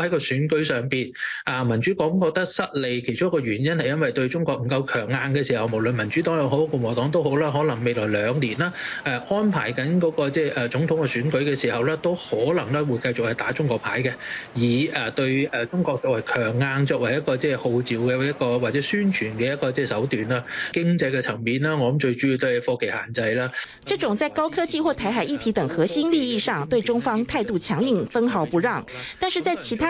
喺個選舉上邊，啊民主黨覺得失利，其中一個原因係因為對中國唔夠強硬嘅時候，無論民主黨又好，共和黨都好啦，可能未來兩年啦，誒安排緊嗰個即係誒總統嘅選舉嘅時候咧，都可能咧會繼續係打中國牌嘅，以誒對誒中國作為強硬作為一個即係號召嘅一個或者宣傳嘅一個即係手段啦。經濟嘅層面啦，我諗最主要都係科技限制啦。這種在高科技或台海議題等核心利益上對中方態度強硬，分毫不讓，但是在其他